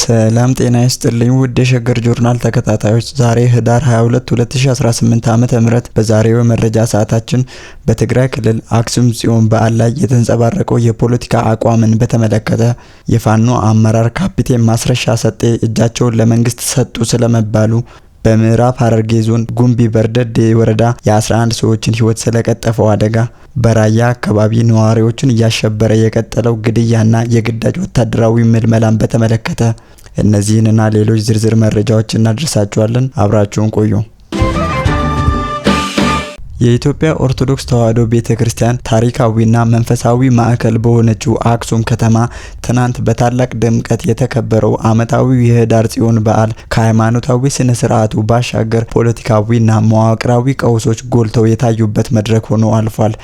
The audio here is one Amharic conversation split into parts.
ሰላም ጤና ይስጥልኝ ውድ የሸገር ጆርናል ተከታታዮች፣ ዛሬ ህዳር 22 2018 ዓመተ ምህረት በዛሬው መረጃ ሰዓታችን በትግራይ ክልል አክሱም ጽዮን በዓል ላይ የተንጸባረቀው የፖለቲካ አቋምን በተመለከተ የፋኖ አመራር ካፒቴን ማስረሻ ሰጤ እጃቸውን ለመንግስት ሰጡ ስለመባሉ በምዕራብ ሐረርጌ ዞን ጉምቢ በርደዴ ወረዳ የ11 ሰዎችን ህይወት ስለቀጠፈው አደጋ፣ በራያ አካባቢ ነዋሪዎችን እያሸበረ የቀጠለው ግድያና የግዳጅ ወታደራዊ ምልመላን በተመለከተ እነዚህንና ሌሎች ዝርዝር መረጃዎች እናደርሳችኋለን። አብራችሁን ቆዩ። የኢትዮጵያ ኦርቶዶክስ ተዋሕዶ ቤተ ክርስቲያን ታሪካዊና መንፈሳዊ ማዕከል በሆነችው አክሱም ከተማ ትናንት በታላቅ ድምቀት የተከበረው ዓመታዊ የህዳር ጽዮን በዓል ከሃይማኖታዊ ስነ ስርዓቱ ባሻገር ፖለቲካዊና መዋቅራዊ ቀውሶች ጎልተው የታዩበት መድረክ ሆኖ አልፏል።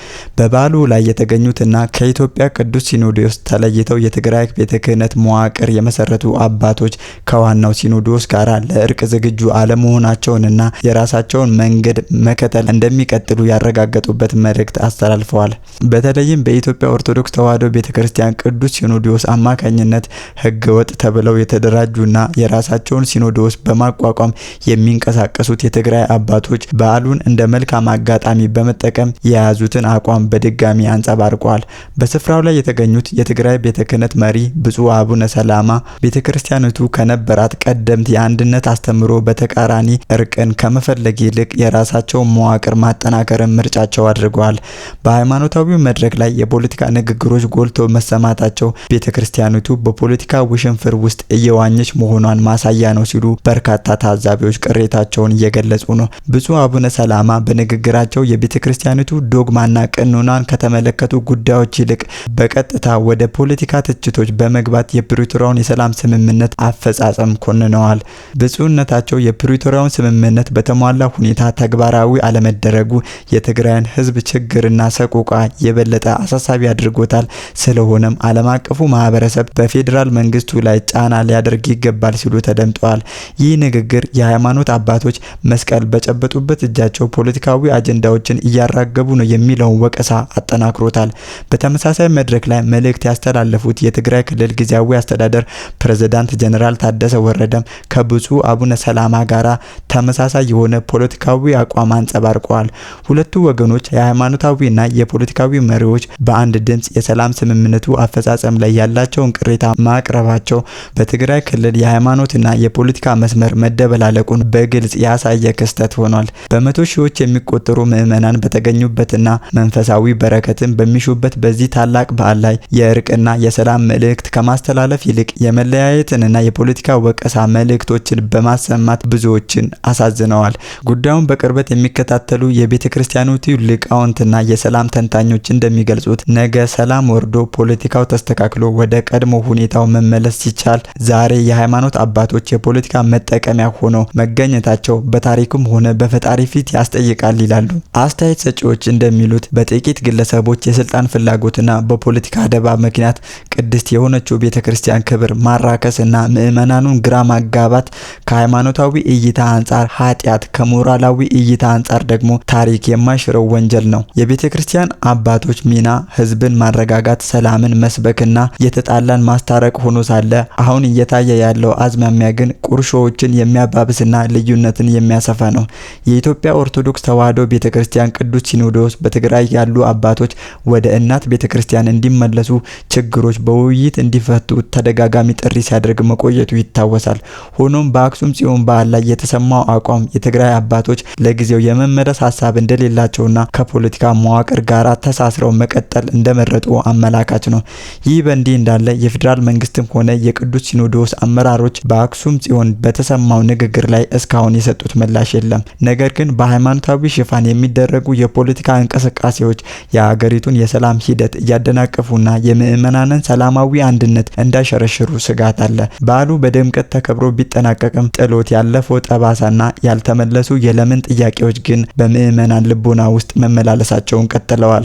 በበዓሉ ላይ የተገኙትና ከኢትዮጵያ ቅዱስ ሲኖዶስ ተለይተው የትግራይ ቤተ ክህነት መዋቅር የመሰረቱ አባቶች ከዋናው ሲኖዶስ ጋር ለእርቅ ዝግጁ አለመሆናቸውንና የራሳቸውን መንገድ መከተል እንደሚቀጥል እንደሚቀጥሉ ያረጋገጡበት መልእክት አስተላልፈዋል። በተለይም በኢትዮጵያ ኦርቶዶክስ ተዋሕዶ ቤተ ክርስቲያን ቅዱስ ሲኖዶስ አማካኝነት ህገ ወጥ ተብለው የተደራጁና የራሳቸውን ሲኖዶስ በማቋቋም የሚንቀሳቀሱት የትግራይ አባቶች በዓሉን እንደ መልካም አጋጣሚ በመጠቀም የያዙትን አቋም በድጋሚ አንጸባርቋል። በስፍራው ላይ የተገኙት የትግራይ ቤተ ክህነት መሪ ብፁዕ አቡነ ሰላማ ቤተ ክርስቲያኒቱ ከነበራት ቀደምት የአንድነት አስተምሮ በተቃራኒ እርቅን ከመፈለግ ይልቅ የራሳቸውን መዋቅር ማጠና መናገርም ምርጫቸው አድርገዋል። በሃይማኖታዊ መድረክ ላይ የፖለቲካ ንግግሮች ጎልቶ መሰማታቸው ቤተ ክርስቲያኒቱ በፖለቲካ ውሽንፍር ውስጥ እየዋኘች መሆኗን ማሳያ ነው ሲሉ በርካታ ታዛቢዎች ቅሬታቸውን እየገለጹ ነው። ብፁዕ አቡነ ሰላማ በንግግራቸው የቤተ ክርስቲያኒቱ ዶግማና ቀኖናን ከተመለከቱ ጉዳዮች ይልቅ በቀጥታ ወደ ፖለቲካ ትችቶች በመግባት የፕሪቶሪያውን የሰላም ስምምነት አፈጻጸም ኮንነዋል። ብፁዕነታቸው የፕሪቶሪያውን ስምምነት በተሟላ ሁኔታ ተግባራዊ አለመደረጉ የትግራይን ህዝብ ችግርና ሰቆቃ የበለጠ አሳሳቢ አድርጎታል። ስለሆነም ዓለም አቀፉ ማህበረሰብ በፌዴራል መንግስቱ ላይ ጫና ሊያደርግ ይገባል ሲሉ ተደምጠዋል። ይህ ንግግር የሃይማኖት አባቶች መስቀል በጨበጡበት እጃቸው ፖለቲካዊ አጀንዳዎችን እያራገቡ ነው የሚለውን ወቀሳ አጠናክሮታል። በተመሳሳይ መድረክ ላይ መልእክት ያስተላለፉት የትግራይ ክልል ጊዜያዊ አስተዳደር ፕሬዝዳንት ጀኔራል ታደሰ ወረደም ከብፁዕ አቡነ ሰላማ ጋራ ተመሳሳይ የሆነ ፖለቲካዊ አቋም አንጸባርቀዋል። ሁለቱ ወገኖች የሃይማኖታዊና የፖለቲካዊ መሪዎች በአንድ ድምፅ የሰላም ስምምነቱ አፈጻጸም ላይ ያላቸውን ቅሬታ ማቅረባቸው በትግራይ ክልል የሃይማኖትና የፖለቲካ መስመር መደበላለቁን በግልጽ ያሳየ ክስተት ሆኗል። በመቶ ሺዎች የሚቆጠሩ ምዕመናን በተገኙበትና መንፈሳዊ በረከትን በሚሹበት በዚህ ታላቅ በዓል ላይ የእርቅና የሰላም መልእክት ከማስተላለፍ ይልቅ የመለያየትንና የፖለቲካ ወቀሳ መልእክቶችን በማሰማት ብዙዎችን አሳዝነዋል። ጉዳዩን በቅርበት የሚከታተሉ የቤ የቤተ ክርስቲያኒቱ ሊቃውንትና የሰላም ተንታኞች እንደሚገልጹት ነገ ሰላም ወርዶ ፖለቲካው ተስተካክሎ ወደ ቀድሞ ሁኔታው መመለስ ሲቻል ዛሬ የሃይማኖት አባቶች የፖለቲካ መጠቀሚያ ሆነው መገኘታቸው በታሪክም ሆነ በፈጣሪ ፊት ያስጠይቃል ይላሉ። አስተያየት ሰጪዎች እንደሚሉት በጥቂት ግለሰቦች የስልጣን ፍላጎትና በፖለቲካ አደባ ምክንያት ቅድስት የሆነችው ቤተ ክርስቲያን ክብር ማራከስና ምዕመናኑን ግራ ማጋባት ከሃይማኖታዊ እይታ አንጻር ኃጢአት፣ ከሞራላዊ እይታ አንጻር ደግሞ ታሪክ ታሪክ የማይሽረው ወንጀል ነው። የቤተ ክርስቲያን አባቶች ሚና ህዝብን ማረጋጋት፣ ሰላምን መስበክና የተጣላን ማስታረቅ ሆኖ ሳለ አሁን እየታየ ያለው አዝማሚያ ግን ቁርሾዎችን የሚያባብስና ልዩነትን የሚያሰፋ ነው። የኢትዮጵያ ኦርቶዶክስ ተዋሕዶ ቤተ ክርስቲያን ቅዱስ ሲኖዶስ በትግራይ ያሉ አባቶች ወደ እናት ቤተ ክርስቲያን እንዲመለሱ፣ ችግሮች በውይይት እንዲፈቱ ተደጋጋሚ ጥሪ ሲያደርግ መቆየቱ ይታወሳል። ሆኖም በአክሱም ጽዮን በዓል ላይ የተሰማው አቋም የትግራይ አባቶች ለጊዜው የመመለስ ሀሳብ እንደሌላቸውና ከፖለቲካ መዋቅር ጋር ተሳስረው መቀጠል እንደመረጡ አመላካች ነው። ይህ በእንዲህ እንዳለ የፌዴራል መንግስትም ሆነ የቅዱስ ሲኖዶስ አመራሮች በአክሱም ጽዮን በተሰማው ንግግር ላይ እስካሁን የሰጡት ምላሽ የለም። ነገር ግን በሃይማኖታዊ ሽፋን የሚደረጉ የፖለቲካ እንቅስቃሴዎች የሀገሪቱን የሰላም ሂደት እያደናቀፉና የምዕመናንን ሰላማዊ አንድነት እንዳይሸረሽሩ ስጋት አለ። በዓሉ በድምቀት ተከብሮ ቢጠናቀቅም ጥሎት ያለፈው ጠባሳና ያልተመለሱ የለምን ጥያቄዎች ግን በምእመ ምዕመናን ልቦና ውስጥ መመላለሳቸውን ቀጥለዋል።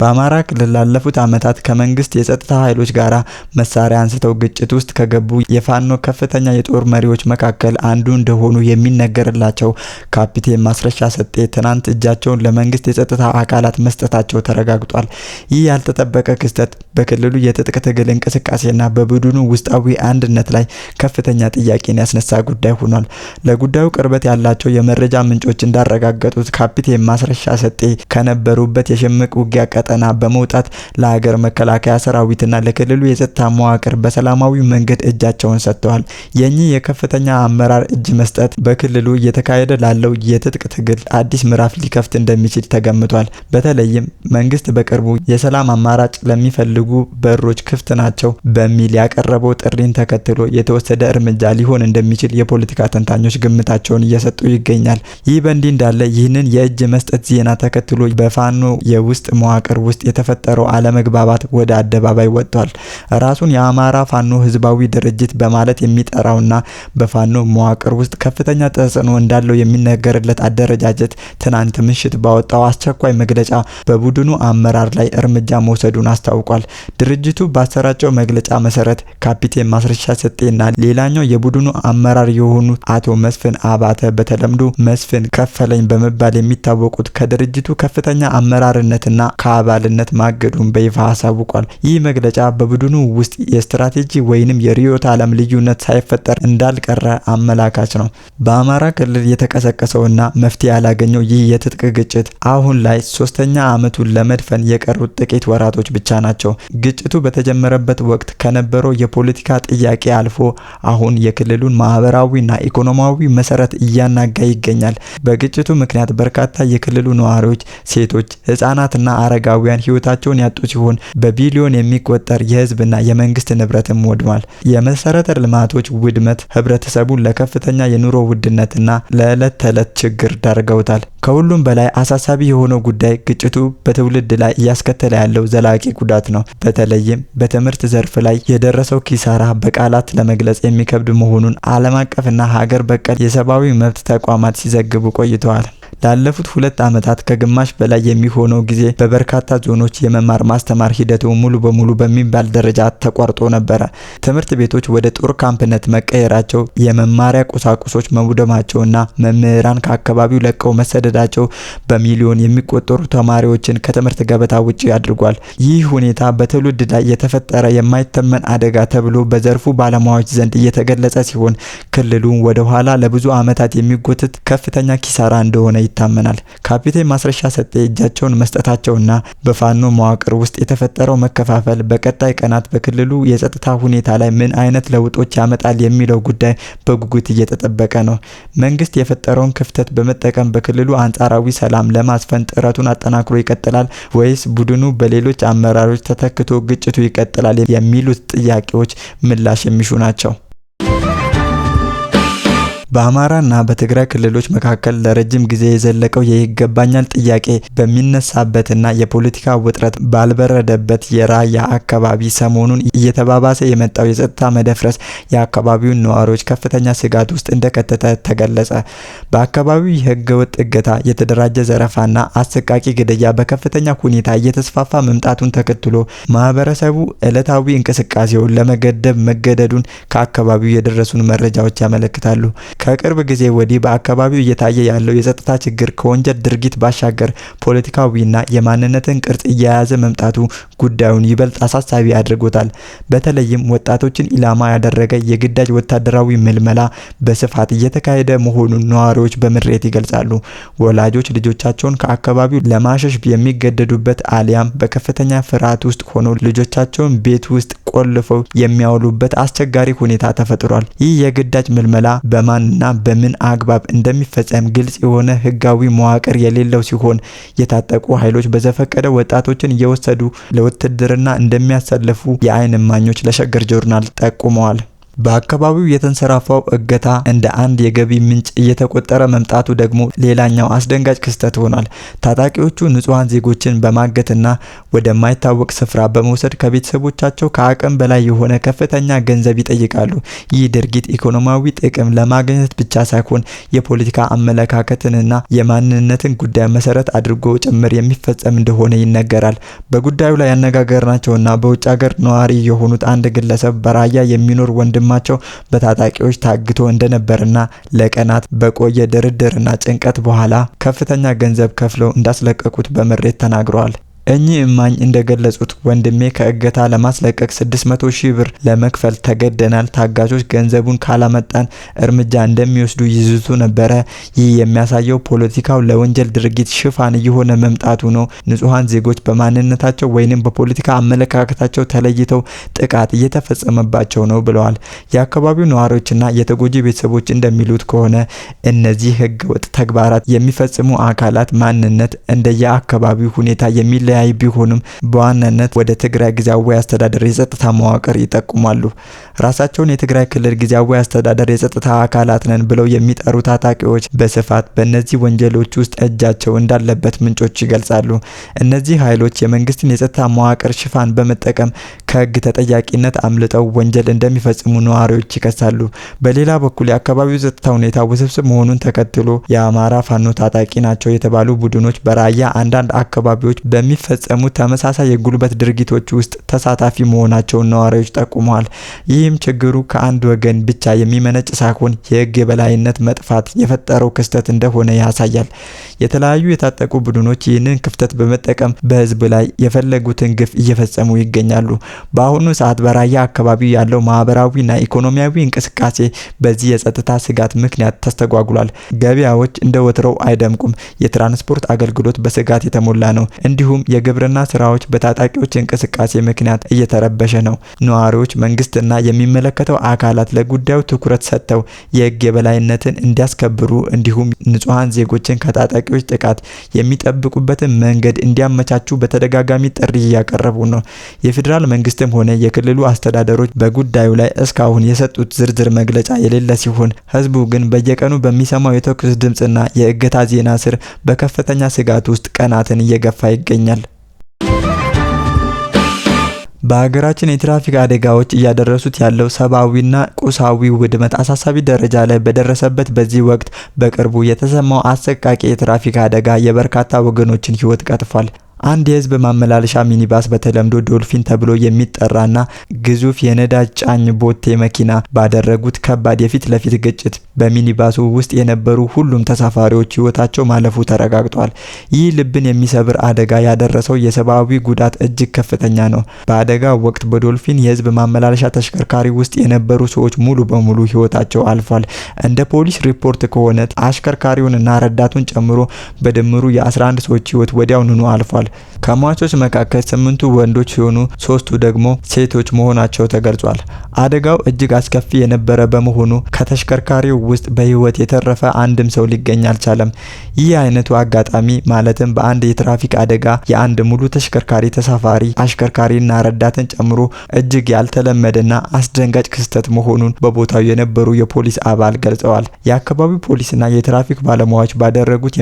በአማራ ክልል ላለፉት ዓመታት ከመንግስት የጸጥታ ኃይሎች ጋር መሳሪያ አንስተው ግጭት ውስጥ ከገቡ የፋኖ ከፍተኛ የጦር መሪዎች መካከል አንዱ እንደሆኑ የሚነገርላቸው ካፒቴን ማስረሻ ሰጤ ትናንት እጃቸውን ለመንግስት የጸጥታ አካላት መስጠታቸው ተረጋግጧል። ይህ ያልተጠበቀ ክስተት በክልሉ የትጥቅ ትግል እንቅስቃሴና በቡድኑ ውስጣዊ አንድነት ላይ ከፍተኛ ጥያቄን ያስነሳ ጉዳይ ሆኗል። ለጉዳዩ ቅርበት ያላቸው የመረጃ ምንጮች እንዳረጋገጡት ካፒቴን ማስረሻ ሰጤ ከነበሩበት የሽምቅ ውጊያ ቀጠና በመውጣት ለሀገር መከላከያ ሰራዊትና ለክልሉ የጸጥታ መዋቅር በሰላማዊ መንገድ እጃቸውን ሰጥተዋል። የኚህ የከፍተኛ አመራር እጅ መስጠት በክልሉ እየተካሄደ ላለው የትጥቅ ትግል አዲስ ምዕራፍ ሊከፍት እንደሚችል ተገምቷል። በተለይም መንግስት በቅርቡ የሰላም አማራጭ ለሚፈልጉ በሮች ክፍት ናቸው በሚል ያቀረበው ጥሪን ተከትሎ የተወሰደ እርምጃ ሊሆን እንደሚችል የፖለቲካ ተንታኞች ግምታቸውን እየሰጡ ይገኛል። ይህ በእንዲህ እንዳለ ይህንን የእጅ መስጠት ዜና ተከትሎ በፋኖ የውስጥ መዋቅር መዋቅር ውስጥ የተፈጠረው አለመግባባት ወደ አደባባይ ወጥቷል። ራሱን የአማራ ፋኖ ህዝባዊ ድርጅት በማለት የሚጠራውና በፋኖ መዋቅር ውስጥ ከፍተኛ ተጽዕኖ እንዳለው የሚነገርለት አደረጃጀት ትናንት ምሽት ባወጣው አስቸኳይ መግለጫ በቡድኑ አመራር ላይ እርምጃ መውሰዱን አስታውቋል። ድርጅቱ ባሰራጨው መግለጫ መሰረት ካፒቴን ማስረሻ ሰጤና ሌላኛው የቡድኑ አመራር የሆኑት አቶ መስፍን አባተ በተለምዶ መስፍን ከፈለኝ በመባል የሚታወቁት ከድርጅቱ ከፍተኛ አመራርነትና ከአ አባልነት ማገዱን በይፋ አሳውቋል። ይህ መግለጫ በቡድኑ ውስጥ የስትራቴጂ ወይንም የርዕዮተ ዓለም ልዩነት ሳይፈጠር እንዳልቀረ አመላካች ነው። በአማራ ክልል የተቀሰቀሰውና መፍትሄ ያላገኘው ይህ የትጥቅ ግጭት አሁን ላይ ሶስተኛ ዓመቱን ለመድፈን የቀሩት ጥቂት ወራቶች ብቻ ናቸው። ግጭቱ በተጀመረበት ወቅት ከነበረው የፖለቲካ ጥያቄ አልፎ አሁን የክልሉን ማህበራዊና ኢኮኖሚያዊ መሰረት እያናጋ ይገኛል። በግጭቱ ምክንያት በርካታ የክልሉ ነዋሪዎች፣ ሴቶች፣ ህጻናትና አረጋ ኢትዮጵያውያን ህይወታቸውን ያጡ ሲሆን በቢሊዮን የሚቆጠር የህዝብና የመንግስት ንብረትም ወድሟል። የመሰረተ ልማቶች ውድመት ህብረተሰቡን ለከፍተኛ የኑሮ ውድነትና ለዕለት ተዕለት ችግር ዳርገውታል። ከሁሉም በላይ አሳሳቢ የሆነው ጉዳይ ግጭቱ በትውልድ ላይ እያስከተለ ያለው ዘላቂ ጉዳት ነው። በተለይም በትምህርት ዘርፍ ላይ የደረሰው ኪሳራ በቃላት ለመግለጽ የሚከብድ መሆኑን ዓለም አቀፍና ሀገር በቀል የሰብአዊ መብት ተቋማት ሲዘግቡ ቆይተዋል። ላለፉት ሁለት ዓመታት ከግማሽ በላይ የሚሆነው ጊዜ በበርካታ ዞኖች የመማር ማስተማር ሂደቱ ሙሉ በሙሉ በሚባል ደረጃ ተቋርጦ ነበረ። ትምህርት ቤቶች ወደ ጦር ካምፕነት መቀየራቸው፣ የመማሪያ ቁሳቁሶች መውደማቸውና መምህራን ከአካባቢው ለቀው መሰደዳቸው በሚሊዮን የሚቆጠሩ ተማሪዎችን ከትምህርት ገበታ ውጪ አድርጓል። ይህ ሁኔታ በትውልድ ላይ የተፈጠረ የማይተመን አደጋ ተብሎ በዘርፉ ባለሙያዎች ዘንድ እየተገለጸ ሲሆን ክልሉን ወደ ኋላ ለብዙ ዓመታት የሚጎትት ከፍተኛ ኪሳራ እንደሆነ ይታመናል። ካፒቴን ማስረሻ ሰጤ እጃቸውን መስጠታቸውና በፋኖ መዋቅር ውስጥ የተፈጠረው መከፋፈል በቀጣይ ቀናት በክልሉ የጸጥታ ሁኔታ ላይ ምን አይነት ለውጦች ያመጣል የሚለው ጉዳይ በጉጉት እየተጠበቀ ነው። መንግስት የፈጠረውን ክፍተት በመጠቀም በክልሉ አንጻራዊ ሰላም ለማስፈን ጥረቱን አጠናክሮ ይቀጥላል ወይስ ቡድኑ በሌሎች አመራሮች ተተክቶ ግጭቱ ይቀጥላል የሚሉት ጥያቄዎች ምላሽ የሚሹ ናቸው። በአማራና በትግራይ ክልሎች መካከል ለረጅም ጊዜ የዘለቀው የይገባኛል ጥያቄ በሚነሳበትና የፖለቲካ ውጥረት ባልበረደበት የራያ አካባቢ ሰሞኑን እየተባባሰ የመጣው የጸጥታ መደፍረስ የአካባቢውን ነዋሪዎች ከፍተኛ ስጋት ውስጥ እንደከተተ ተገለጸ። በአካባቢው የህገወጥ እገታ፣ የተደራጀ ዘረፋና አሰቃቂ ግድያ በከፍተኛ ሁኔታ እየተስፋፋ መምጣቱን ተከትሎ ማህበረሰቡ ዕለታዊ እንቅስቃሴውን ለመገደብ መገደዱን ከአካባቢው የደረሱን መረጃዎች ያመለክታሉ። ከቅርብ ጊዜ ወዲህ በአካባቢው እየታየ ያለው የጸጥታ ችግር ከወንጀል ድርጊት ባሻገር ፖለቲካዊና የማንነትን ቅርጽ እየያዘ መምጣቱ ጉዳዩን ይበልጥ አሳሳቢ አድርጎታል። በተለይም ወጣቶችን ኢላማ ያደረገ የግዳጅ ወታደራዊ ምልመላ በስፋት እየተካሄደ መሆኑን ነዋሪዎች በምሬት ይገልጻሉ። ወላጆች ልጆቻቸውን ከአካባቢው ለማሸሽ የሚገደዱበት አሊያም በከፍተኛ ፍርሃት ውስጥ ሆነው ልጆቻቸውን ቤት ውስጥ ቆልፈው የሚያውሉበት አስቸጋሪ ሁኔታ ተፈጥሯል። ይህ የግዳጅ ምልመላ በማንና በምን አግባብ እንደሚፈጸም ግልጽ የሆነ ህጋዊ መዋቅር የሌለው ሲሆን የታጠቁ ኃይሎች በዘፈቀደ ወጣቶችን እየወሰዱ ውትድርና እንደሚያሳልፉ የአይን እማኞች ለሸገር ጆርናል ጠቁመዋል። በአካባቢው የተንሰራፋው እገታ እንደ አንድ የገቢ ምንጭ እየተቆጠረ መምጣቱ ደግሞ ሌላኛው አስደንጋጭ ክስተት ሆኗል። ታጣቂዎቹ ንጹሐን ዜጎችን በማገትና ወደማይታወቅ ስፍራ በመውሰድ ከቤተሰቦቻቸው ከአቅም በላይ የሆነ ከፍተኛ ገንዘብ ይጠይቃሉ። ይህ ድርጊት ኢኮኖሚያዊ ጥቅም ለማግኘት ብቻ ሳይሆን የፖለቲካ አመለካከትንና የማንነትን ጉዳይ መሰረት አድርጎ ጭምር የሚፈጸም እንደሆነ ይነገራል። በጉዳዩ ላይ ያነጋገርናቸውና በውጭ ሀገር ነዋሪ የሆኑት አንድ ግለሰብ በራያ የሚኖር ወንድም ወንድማቸው በታጣቂዎች ታግቶ እንደነበርና ለቀናት በቆየ ድርድርና ጭንቀት በኋላ ከፍተኛ ገንዘብ ከፍለው እንዳስለቀቁት በምሬት ተናግረዋል። እኚህ እማኝ እንደገለጹት ወንድሜ ከእገታ ለማስለቀቅ 600 ሺህ ብር ለመክፈል ተገደናል። ታጋቾች ገንዘቡን ካላመጣን እርምጃ እንደሚወስዱ ይዝቱ ነበረ። ይህ የሚያሳየው ፖለቲካው ለወንጀል ድርጊት ሽፋን እየሆነ መምጣቱ ነው። ንጹሐን ዜጎች በማንነታቸው ወይንም በፖለቲካ አመለካከታቸው ተለይተው ጥቃት እየተፈጸመባቸው ነው ብለዋል። የአካባቢው ነዋሪዎችና የተጎጂ ቤተሰቦች እንደሚሉት ከሆነ እነዚህ ህገወጥ ተግባራት የሚፈጽሙ አካላት ማንነት እንደየአካባቢው ሁኔታ የሚለ ተያይ ቢሆንም በዋናነት ወደ ትግራይ ጊዜያዊ አስተዳደር የጸጥታ መዋቅር ይጠቁማሉ። ራሳቸውን የትግራይ ክልል ጊዜያዊ አስተዳደር የጸጥታ አካላት ነን ብለው የሚጠሩ ታጣቂዎች በስፋት በእነዚህ ወንጀሎች ውስጥ እጃቸው እንዳለበት ምንጮች ይገልጻሉ። እነዚህ ኃይሎች የመንግስትን የጸጥታ መዋቅር ሽፋን በመጠቀም ከህግ ተጠያቂነት አምልጠው ወንጀል እንደሚፈጽሙ ነዋሪዎች ይከሳሉ። በሌላ በኩል የአካባቢው ጸጥታ ሁኔታ ውስብስብ መሆኑን ተከትሎ የአማራ ፋኖ ታጣቂ ናቸው የተባሉ ቡድኖች በራያ አንዳንድ አካባቢዎች በሚፈ በሚፈጸሙ ተመሳሳይ የጉልበት ድርጊቶች ውስጥ ተሳታፊ መሆናቸውን ነዋሪዎች ጠቁመዋል። ይህም ችግሩ ከአንድ ወገን ብቻ የሚመነጭ ሳይሆን የህግ የበላይነት መጥፋት የፈጠረው ክስተት እንደሆነ ያሳያል። የተለያዩ የታጠቁ ቡድኖች ይህንን ክፍተት በመጠቀም በህዝብ ላይ የፈለጉትን ግፍ እየፈጸሙ ይገኛሉ። በአሁኑ ሰዓት በራያ አካባቢ ያለው ማህበራዊና ኢኮኖሚያዊ እንቅስቃሴ በዚህ የጸጥታ ስጋት ምክንያት ተስተጓጉሏል። ገበያዎች እንደ ወትረው አይደምቁም። የትራንስፖርት አገልግሎት በስጋት የተሞላ ነው። እንዲሁም የግብርና ስራዎች በታጣቂዎች እንቅስቃሴ ምክንያት እየተረበሸ ነው። ነዋሪዎች መንግስትና የሚመለከተው አካላት ለጉዳዩ ትኩረት ሰጥተው የህግ የበላይነትን እንዲያስከብሩ እንዲሁም ንጹሐን ዜጎችን ከታጣቂዎች ጥቃት የሚጠብቁበትን መንገድ እንዲያመቻቹ በተደጋጋሚ ጥሪ እያቀረቡ ነው። የፌዴራል መንግስትም ሆነ የክልሉ አስተዳደሮች በጉዳዩ ላይ እስካሁን የሰጡት ዝርዝር መግለጫ የሌለ ሲሆን ህዝቡ ግን በየቀኑ በሚሰማው የተኩስ ድምፅና የእገታ ዜና ስር በከፍተኛ ስጋት ውስጥ ቀናትን እየገፋ ይገኛል። በሀገራችን የትራፊክ አደጋዎች እያደረሱት ያለው ሰብአዊና ቁሳዊ ውድመት አሳሳቢ ደረጃ ላይ በደረሰበት በዚህ ወቅት በቅርቡ የተሰማው አሰቃቂ የትራፊክ አደጋ የበርካታ ወገኖችን ህይወት ቀጥፏል። አንድ የህዝብ ማመላለሻ ሚኒባስ በተለምዶ ዶልፊን ተብሎ የሚጠራና ግዙፍ የነዳጅ ጫኝ ቦቴ መኪና ባደረጉት ከባድ የፊት ለፊት ግጭት በሚኒባሱ ውስጥ የነበሩ ሁሉም ተሳፋሪዎች ህይወታቸው ማለፉ ተረጋግጧል። ይህ ልብን የሚሰብር አደጋ ያደረሰው የሰብአዊ ጉዳት እጅግ ከፍተኛ ነው። በአደጋው ወቅት በዶልፊን የህዝብ ማመላለሻ ተሽከርካሪ ውስጥ የነበሩ ሰዎች ሙሉ በሙሉ ህይወታቸው አልፏል። እንደ ፖሊስ ሪፖርት ከሆነ አሽከርካሪውንና ረዳቱን ጨምሮ በድምሩ የ11 ሰዎች ህይወት ወዲያውኑ አልፏል። ተገልጿል። ከሟቾች መካከል ስምንቱ ወንዶች ሲሆኑ ሶስቱ ደግሞ ሴቶች መሆናቸው ተገልጿል። አደጋው እጅግ አስከፊ የነበረ በመሆኑ ከተሽከርካሪው ውስጥ በህይወት የተረፈ አንድም ሰው ሊገኝ አልቻለም። ይህ አይነቱ አጋጣሚ ማለትም በአንድ የትራፊክ አደጋ የአንድ ሙሉ ተሽከርካሪ ተሳፋሪ አሽከርካሪና ረዳትን ጨምሮ እጅግ ያልተለመደና አስደንጋጭ ክስተት መሆኑን በቦታው የነበሩ የፖሊስ አባል ገልጸዋል። የአካባቢው ፖሊስና የትራፊክ ባለሙያዎች ባደረጉት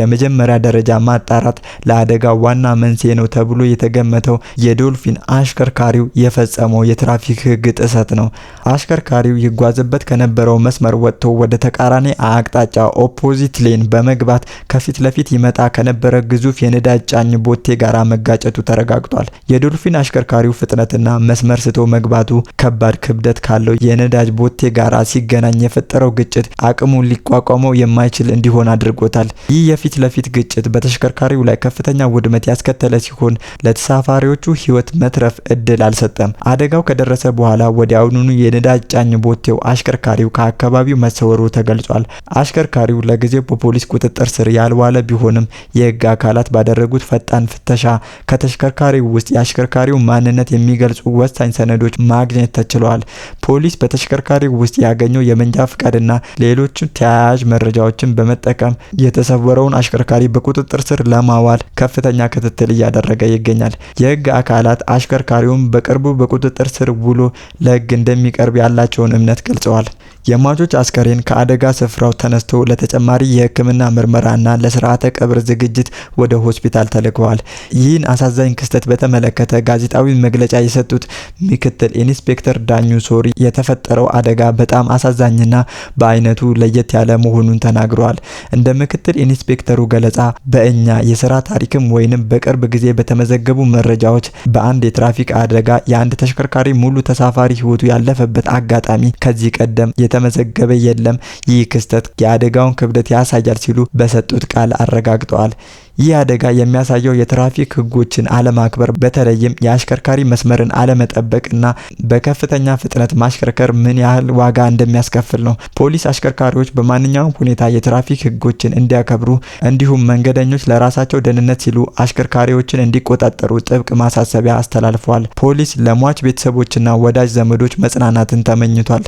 የመጀመሪያ ደረጃ ማጣራት ለአደጋው ዋና መንስኤ ነው ተብሎ የተገመተው የዶልፊን አሽከርካሪው የፈጸመው የትራፊክ ህግ ጥሰት ነው። አሽከርካሪው ይጓዝበት ከነበረው መስመር ወጥቶ ወደ ተቃራኒ አቅጣጫ ኦፖዚት ሌን በመግባት ከፊት ለፊት ይመጣ ከነበረ ግዙፍ የነዳጅ ጫኝ ቦቴ ጋር መጋጨቱ ተረጋግጧል። የዶልፊን አሽከርካሪው ፍጥነትና መስመር ስቶ መግባቱ ከባድ ክብደት ካለው የነዳጅ ቦቴ ጋራ ሲገናኝ የፈጠረው ግጭት አቅሙን ሊቋቋመው የማይችል እንዲሆን አድርጎታል። ይህ የፊት ለፊት ግጭት በተሽከርካሪው ላይ ከፍተኛ ውድመት ውድመት ያስከተለ ሲሆን ለተሳፋሪዎቹ ሕይወት መትረፍ እድል አልሰጠም። አደጋው ከደረሰ በኋላ ወዲያውኑ የነዳጅ ጫኝ ቦቴው አሽከርካሪው ከአካባቢው መሰወሩ ተገልጿል። አሽከርካሪው ለጊዜው በፖሊስ ቁጥጥር ስር ያልዋለ ቢሆንም የህግ አካላት ባደረጉት ፈጣን ፍተሻ ከተሽከርካሪው ውስጥ የአሽከርካሪው ማንነት የሚገልጹ ወሳኝ ሰነዶች ማግኘት ተችሏል። ፖሊስ በተሽከርካሪው ውስጥ ያገኘው የመንጃ ፍቃድና ሌሎች ተያያዥ መረጃዎችን በመጠቀም የተሰወረውን አሽከርካሪ በቁጥጥር ስር ለማዋል ከፍተኛ ክትትል እያደረገ ይገኛል። የህግ አካላት አሽከርካሪውን በቅርቡ በቁጥጥር ስር ውሎ ለህግ እንደሚቀርብ ያላቸውን እምነት ገልጸዋል። የሟቾች አስከሬን ከአደጋ ስፍራው ተነስቶ ለተጨማሪ የህክምና ምርመራና ለስርዓተ ቀብር ዝግጅት ወደ ሆስፒታል ተልከዋል። ይህን አሳዛኝ ክስተት በተመለከተ ጋዜጣዊ መግለጫ የሰጡት ምክትል ኢንስፔክተር ዳኙ ሶሪ የተፈጠረው አደጋ በጣም አሳዛኝና በአይነቱ ለየት ያለ መሆኑን ተናግረዋል። እንደ ምክትል ኢንስፔክተሩ ገለጻ በእኛ የስራ ታሪክም ወይም ይህንም በቅርብ ጊዜ በተመዘገቡ መረጃዎች በአንድ የትራፊክ አደጋ የአንድ ተሽከርካሪ ሙሉ ተሳፋሪ ህይወቱ ያለፈበት አጋጣሚ ከዚህ ቀደም የተመዘገበ የለም። ይህ ክስተት የአደጋውን ክብደት ያሳያል ሲሉ በሰጡት ቃል አረጋግጠዋል። ይህ አደጋ የሚያሳየው የትራፊክ ህጎችን አለማክበር፣ በተለይም የአሽከርካሪ መስመርን አለመጠበቅ እና በከፍተኛ ፍጥነት ማሽከርከር ምን ያህል ዋጋ እንደሚያስከፍል ነው። ፖሊስ አሽከርካሪዎች በማንኛውም ሁኔታ የትራፊክ ህጎችን እንዲያከብሩ እንዲሁም መንገደኞች ለራሳቸው ደህንነት ሲሉ አሽከርካሪዎችን እንዲቆጣጠሩ ጥብቅ ማሳሰቢያ አስተላልፏል። ፖሊስ ለሟች ቤተሰቦችና ወዳጅ ዘመዶች መጽናናትን ተመኝቷል።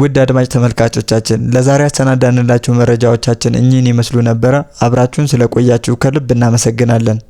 ውድ አድማጭ ተመልካቾቻችን ለዛሬ ያሰናዳንላችሁ መረጃዎቻችን እኚህን ይመስሉ ነበረ። አብራችሁን ስለቆያችሁ ከልብ እናመሰግናለን።